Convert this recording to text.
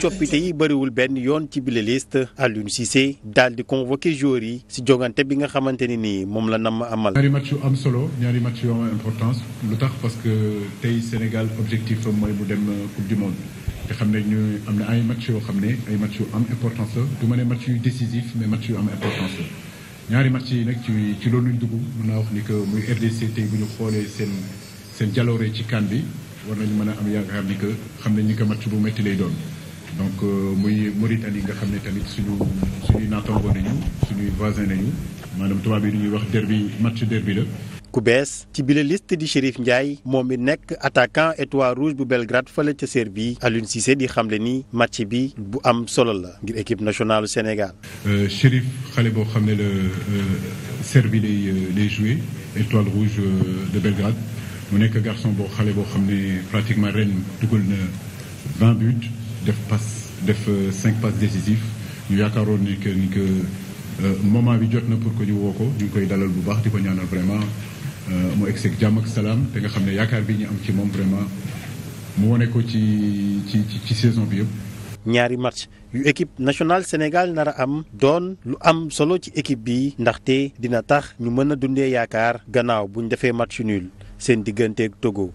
coppite yi bëriwul benn yoon ci bile liste ci Cissé daal di convoqué joueurs yi si jogante bi nga xamante ne nii moom la namm amal. ñaari match yu am solo ñaari match importance lu tax parce que Sénégal objectif mooy mu dem euh, coupe du monde. xam ne ñu am na ay match yoo xam ne ay match yu am importance la du ma ne match yu décisif mais match yu am importance la ñaari match yi nag ci ci loolu lañ dugg mën naa wax ni que muy RDC tey bu ñu xoolee seen seen jaloore ci kan bi war ñu mën a am yaakaar ni que xam nañ ni que match bu métti lay doon. donc euh, muy Mauritanie nga xam ne tamit suñu suñuy naataango nañu suñuy voisin nañu maanaam tubaab yi ñuy wax derbi match derbi la. ku bees ci bile liste di Chérif Ndiaye moom mi nekk attaquant étoile rouge bu Belgrade fële ca Serbie Aliou Cissé di xamle ni match bi bu am solo la ngir équipe nationale Sénégal. Euh, Chérif xale boo xam ne la euh, Serbie lay lay joué étoile rouge de Belgrade mu nekk garçon boo xale boo xam ne pratiquement ren dugal na vingt def passe def euh, cinq passes décisives ñu yaakaaroon ni que ni que euh, moment bi jot na pour que ñu woo ko ñu koy dalal bu baax di ko ñaanal vraiment euh, mu egg jàmm ak salaam te nga xam ne yaakaar bi ñu am ci moom vraiment mu wane ko ci ci ci saison bi yëpp. ñaari match yu équipe nationale Sénégal nar a am doon lu am solo ci équipe bi ndaxte dina tax ñu mën a dundee yaakaar gannaaw bu ñu defee match nul seen digganteeg Togo.